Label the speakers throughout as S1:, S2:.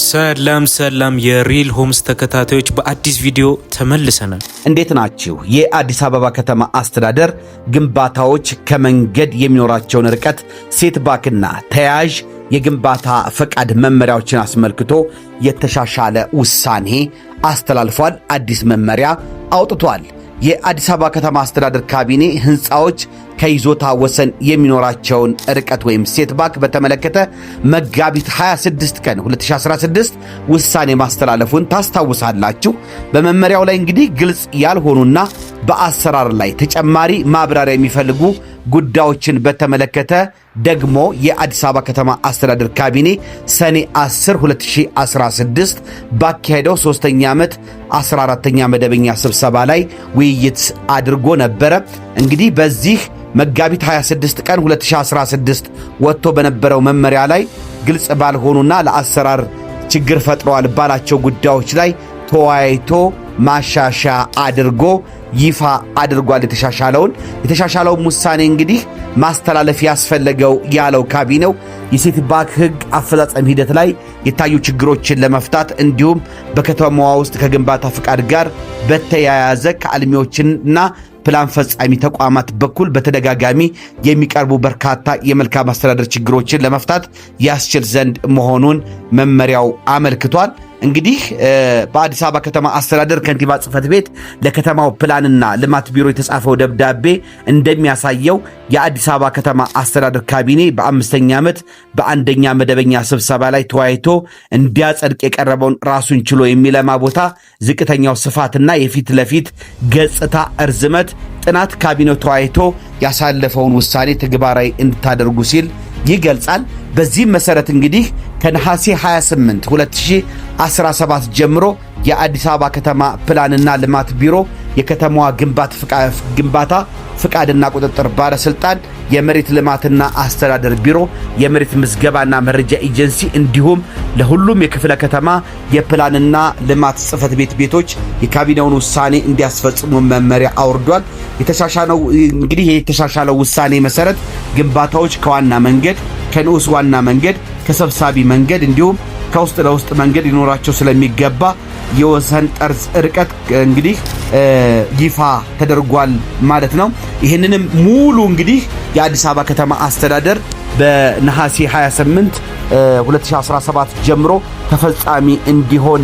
S1: ሰላም ሰላም የሪል ሆምስ ተከታታዮች በአዲስ ቪዲዮ ተመልሰናል።
S2: እንዴት ናችሁ? የአዲስ አበባ ከተማ አስተዳደር ግንባታዎች ከመንገድ የሚኖራቸውን ርቀት ሴትባክና ተያያዥ የግንባታ ፈቃድ መመሪያዎችን አስመልክቶ የተሻሻለ ውሳኔ አስተላልፏል። አዲስ መመሪያ አውጥቷል። የአዲስ አበባ ከተማ አስተዳደር ካቢኔ ህንፃዎች ከይዞታ ወሰን የሚኖራቸውን ርቀት ወይም ሴትባክ በተመለከተ መጋቢት 26 ቀን 2016 ውሳኔ ማስተላለፉን ታስታውሳላችሁ። በመመሪያው ላይ እንግዲህ ግልጽ ያልሆኑና በአሰራር ላይ ተጨማሪ ማብራሪያ የሚፈልጉ ጉዳዮችን በተመለከተ ደግሞ የአዲስ አበባ ከተማ አስተዳደር ካቢኔ ሰኔ 10 2016 ባካሄደው ሶስተኛ ዓመት 14ተኛ መደበኛ ስብሰባ ላይ ውይይት አድርጎ ነበረ። እንግዲህ በዚህ መጋቢት 26 ቀን 2016 ወጥቶ በነበረው መመሪያ ላይ ግልጽ ባልሆኑና ለአሰራር ችግር ፈጥረዋል ባላቸው ጉዳዮች ላይ ተወያይቶ ማሻሻ አድርጎ ይፋ አድርጓል። የተሻሻለውን የተሻሻለውን ውሳኔ እንግዲህ ማስተላለፍ ያስፈለገው ያለው ካቢኔው የሴት ባክ ህግ አፈጻጸም ሂደት ላይ የታዩ ችግሮችን ለመፍታት እንዲሁም በከተማዋ ውስጥ ከግንባታ ፍቃድ ጋር በተያያዘ ከአልሚዎችና ፕላን ፈጻሚ ተቋማት በኩል በተደጋጋሚ የሚቀርቡ በርካታ የመልካም አስተዳደር ችግሮችን ለመፍታት ያስችል ዘንድ መሆኑን መመሪያው አመልክቷል። እንግዲህ በአዲስ አበባ ከተማ አስተዳደር ከንቲባ ጽህፈት ቤት ለከተማው ፕላንና ልማት ቢሮ የተጻፈው ደብዳቤ እንደሚያሳየው የአዲስ አበባ ከተማ አስተዳደር ካቢኔ በአምስተኛ ዓመት በአንደኛ መደበኛ ስብሰባ ላይ ተወያይቶ እንዲያጸድቅ የቀረበውን ራሱን ችሎ የሚለማ ቦታ ዝቅተኛው ስፋትና የፊት ለፊት ገጽታ እርዝመት ጥናት ካቢኔው ተወያይቶ ያሳለፈውን ውሳኔ ተግባራዊ እንድታደርጉ ሲል ይገልጻል። በዚህም መሰረት እንግዲህ ከነሐሴ 28 2017 ጀምሮ የአዲስ አበባ ከተማ ፕላንና ልማት ቢሮ የከተማዋ ግንባታ ፍቃድና ቁጥጥር ባለስልጣን፣ የመሬት ልማትና አስተዳደር ቢሮ፣ የመሬት ምዝገባና መረጃ ኤጀንሲ እንዲሁም ለሁሉም የክፍለ ከተማ የፕላንና ልማት ጽሕፈት ቤት ቤቶች የካቢኔውን ውሳኔ እንዲያስፈጽሙ መመሪያ አውርዷል። የተሻሻለው እንግዲህ የተሻሻለው ውሳኔ መሰረት ግንባታዎች ከዋና መንገድ ከንዑስ ዋና መንገድ ከሰብሳቢ መንገድ እንዲሁም ከውስጥ ለውስጥ መንገድ ሊኖራቸው ስለሚገባ የወሰን ጠርዝ ርቀት እንግዲህ ይፋ ተደርጓል ማለት ነው። ይህንንም ሙሉ እንግዲህ የአዲስ አበባ ከተማ አስተዳደር በነሐሴ 28 2017 ጀምሮ ተፈጻሚ እንዲሆን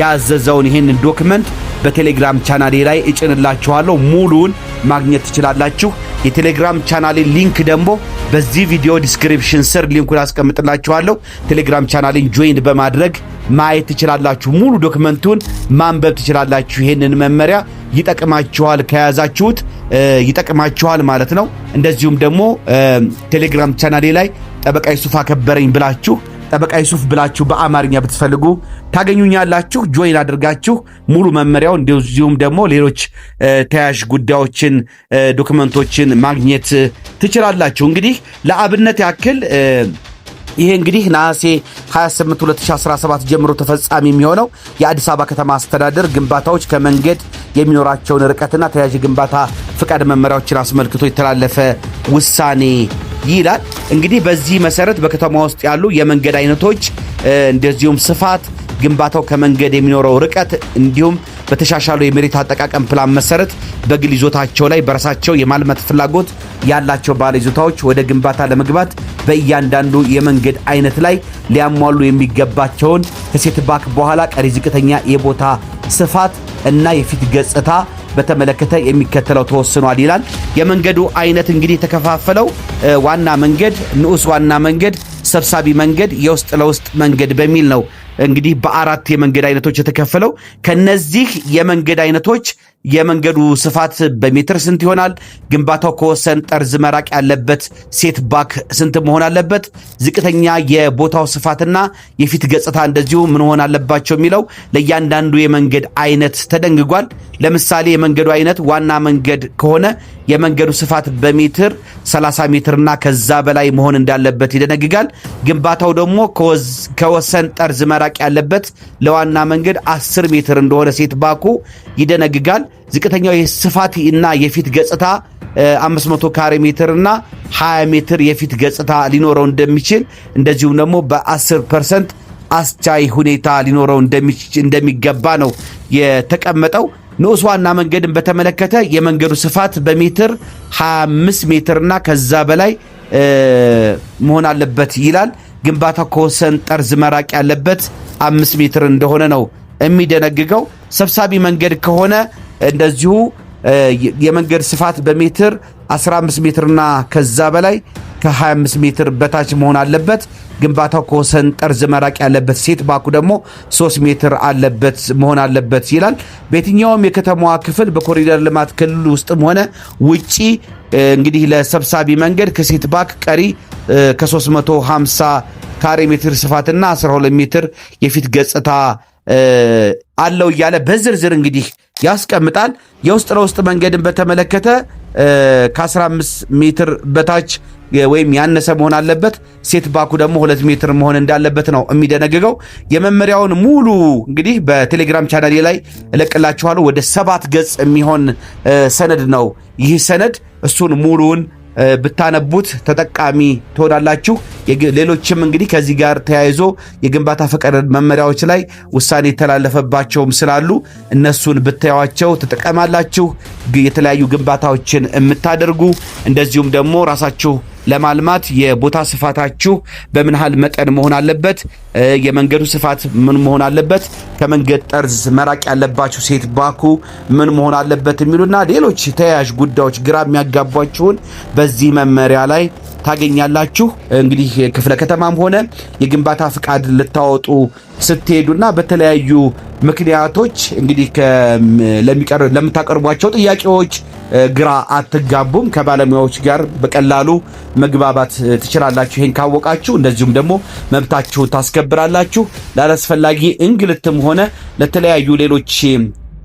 S2: ያዘዘውን ይህንን ዶክመንት በቴሌግራም ቻናሌ ላይ እጭንላችኋለሁ። ሙሉውን ማግኘት ትችላላችሁ። የቴሌግራም ቻናሌን ሊንክ ደግሞ በዚህ ቪዲዮ ዲስክሪፕሽን ስር ሊንኩን አስቀምጥላችኋለሁ። ቴሌግራም ቻናሌን ጆይን በማድረግ ማየት ትችላላችሁ። ሙሉ ዶክመንቱን ማንበብ ትችላላችሁ። ይህንን መመሪያ ይጠቅማችኋል፣ ከያዛችሁት ይጠቅማችኋል ማለት ነው። እንደዚሁም ደግሞ ቴሌግራም ቻናሌ ላይ ጠበቃ ዩሱፍ አከበረኝ ብላችሁ ጠበቃ ዩሱፍ ብላችሁ በአማርኛ ብትፈልጉ ታገኙኛላችሁ። ጆይን አድርጋችሁ ሙሉ መመሪያው እንደዚሁም ደግሞ ሌሎች ተያዥ ጉዳዮችን ዶክመንቶችን ማግኘት ትችላላችሁ። እንግዲህ ለአብነት ያክል ይሄ እንግዲህ ነሐሴ 28 2017 ጀምሮ ተፈጻሚ የሚሆነው የአዲስ አበባ ከተማ አስተዳደር ግንባታዎች ከመንገድ የሚኖራቸውን ርቀትና ተያዥ ግንባታ ፍቃድ መመሪያዎችን አስመልክቶ የተላለፈ ውሳኔ ይላል። እንግዲህ በዚህ መሰረት በከተማ ውስጥ ያሉ የመንገድ አይነቶች እንደዚሁም ስፋት፣ ግንባታው ከመንገድ የሚኖረው ርቀት እንዲሁም በተሻሻሉ የመሬት አጠቃቀም ፕላን መሰረት በግል ይዞታቸው ላይ በራሳቸው የማልመት ፍላጎት ያላቸው ባለ ይዞታዎች ወደ ግንባታ ለመግባት በእያንዳንዱ የመንገድ አይነት ላይ ሊያሟሉ የሚገባቸውን ከሴት ባክ በኋላ ቀሪ ዝቅተኛ የቦታ ስፋት እና የፊት ገጽታ በተመለከተ የሚከተለው ተወስኗል ይላል። የመንገዱ አይነት እንግዲህ የተከፋፈለው ዋና መንገድ፣ ንዑስ ዋና መንገድ፣ ሰብሳቢ መንገድ፣ የውስጥ ለውስጥ መንገድ በሚል ነው። እንግዲህ በአራት የመንገድ አይነቶች የተከፈለው ከነዚህ የመንገድ አይነቶች የመንገዱ ስፋት በሜትር ስንት ይሆናል? ግንባታው ከወሰን ጠርዝ መራቅ ያለበት ሴት ባክ ስንት መሆን አለበት? ዝቅተኛ የቦታው ስፋትና የፊት ገጽታ እንደዚሁ ምን ሆን አለባቸው የሚለው ለእያንዳንዱ የመንገድ አይነት ተደንግጓል። ለምሳሌ የመንገዱ አይነት ዋና መንገድ ከሆነ የመንገዱ ስፋት በሜትር 30 ሜትርና ከዛ በላይ መሆን እንዳለበት ይደነግጋል። ግንባታው ደግሞ ከወሰን ጠርዝ መራቅ ያለበት ለዋና መንገድ 10 ሜትር እንደሆነ ሴት ባኩ ይደነግጋል። ዝቅተኛው የስፋት እና የፊት ገጽታ 500 ካሬ ሜትር እና 20 ሜትር የፊት ገጽታ ሊኖረው እንደሚችል እንደዚሁም ደግሞ በ10 ፐርሰንት አስቻይ ሁኔታ ሊኖረው እንደሚገባ ነው የተቀመጠው። ንዑስ ዋና መንገድን በተመለከተ የመንገዱ ስፋት በሜትር 25 እና ከዛ በላይ መሆን አለበት ይላል። ግንባታ ከወሰን ጠርዝ መራቅ ያለበት 5 ሜትር እንደሆነ ነው የሚደነግገው። ሰብሳቢ መንገድ ከሆነ እንደዚሁ የመንገድ ስፋት በሜትር 15 ሜትርና ከዛ በላይ ከ25 ሜትር በታች መሆን አለበት። ግንባታው ከወሰን ጠርዝ መራቅ ያለበት፣ ሴት ባኩ ደግሞ 3 ሜትር አለበት መሆን አለበት ይላል። በየትኛውም የከተማዋ ክፍል በኮሪደር ልማት ክልል ውስጥም ሆነ ውጪ እንግዲህ ለሰብሳቢ መንገድ ከሴት ባክ ቀሪ ከ350 ካሬ ሜትር ስፋትና 12 ሜትር የፊት ገጽታ አለው እያለ በዝርዝር እንግዲህ ያስቀምጣል። የውስጥ ለውስጥ መንገድን በተመለከተ ከ15 ሜትር በታች ወይም ያነሰ መሆን አለበት። ሴት ባኩ ደግሞ ሁለት ሜትር መሆን እንዳለበት ነው የሚደነግገው። የመመሪያውን ሙሉ እንግዲህ በቴሌግራም ቻናሌ ላይ እለቅላችኋለሁ። ወደ ሰባት ገጽ የሚሆን ሰነድ ነው ይህ ሰነድ። እሱን ሙሉውን ብታነቡት ተጠቃሚ ትሆናላችሁ። ሌሎችም እንግዲህ ከዚህ ጋር ተያይዞ የግንባታ ፈቃድ መመሪያዎች ላይ ውሳኔ የተላለፈባቸውም ስላሉ እነሱን ብታዩዋቸው ትጠቀማላችሁ። የተለያዩ ግንባታዎችን የምታደርጉ እንደዚሁም ደግሞ ራሳችሁ ለማልማት የቦታ ስፋታችሁ በምን ያህል መጠን መሆን አለበት? የመንገዱ ስፋት ምን መሆን አለበት? ከመንገድ ጠርዝ መራቅ ያለባችሁ ሴት ባኩ ምን መሆን አለበት? የሚሉና ሌሎች ተያያዥ ጉዳዮች ግራ የሚያጋቧችሁን በዚህ መመሪያ ላይ ታገኛላችሁ። እንግዲህ ክፍለ ከተማም ሆነ የግንባታ ፍቃድ ልታወጡ ስትሄዱና በተለያዩ ምክንያቶች እንግዲህ ለምታቀርቧቸው ጥያቄዎች ግራ አትጋቡም። ከባለሙያዎች ጋር በቀላሉ መግባባት ትችላላችሁ። ይሄን ካወቃችሁ እንደዚሁም ደግሞ መብታችሁን ታስከብራላችሁ። ላላስፈላጊ እንግልትም ሆነ ለተለያዩ ሌሎች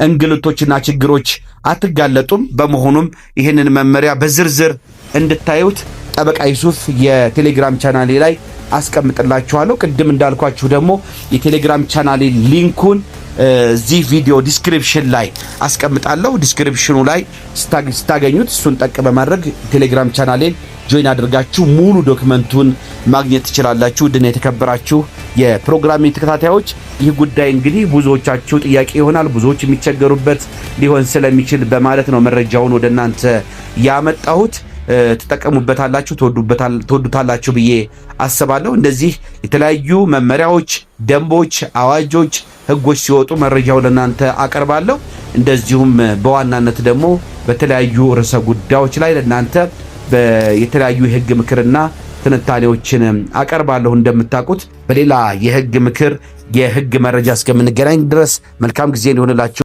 S2: እንግልቶችና ችግሮች አትጋለጡም። በመሆኑም ይህንን መመሪያ በዝርዝር እንድታዩት ጠበቃ ዩሱፍ የቴሌግራም ቻናሌ ላይ አስቀምጥላችኋለሁ። ቅድም እንዳልኳችሁ ደግሞ የቴሌግራም ቻናሌ ሊንኩን እዚህ ቪዲዮ ዲስክሪፕሽን ላይ አስቀምጣለሁ። ዲስክሪፕሽኑ ላይ ስታገኙት እሱን ጠቅ በማድረግ ቴሌግራም ቻናሌን ጆይን አድርጋችሁ ሙሉ ዶክመንቱን ማግኘት ትችላላችሁ። ድና የተከበራችሁ የፕሮግራሚ ተከታታዮች ይህ ጉዳይ እንግዲህ ብዙዎቻችሁ ጥያቄ ይሆናል፣ ብዙዎች የሚቸገሩበት ሊሆን ስለሚችል በማለት ነው መረጃውን ወደ እናንተ ያመጣሁት። ትጠቀሙበታላችሁ፣ ትወዱታላችሁ ብዬ አስባለሁ። እንደዚህ የተለያዩ መመሪያዎች፣ ደንቦች፣ አዋጆች፣ ህጎች ሲወጡ መረጃው ለእናንተ አቀርባለሁ። እንደዚሁም በዋናነት ደግሞ በተለያዩ ርዕሰ ጉዳዮች ላይ ለእናንተ የተለያዩ የህግ ምክርና ትንታኔዎችን አቀርባለሁ። እንደምታውቁት በሌላ የህግ ምክር፣ የህግ መረጃ እስከምንገናኝ ድረስ መልካም ጊዜ ሊሆንላችሁ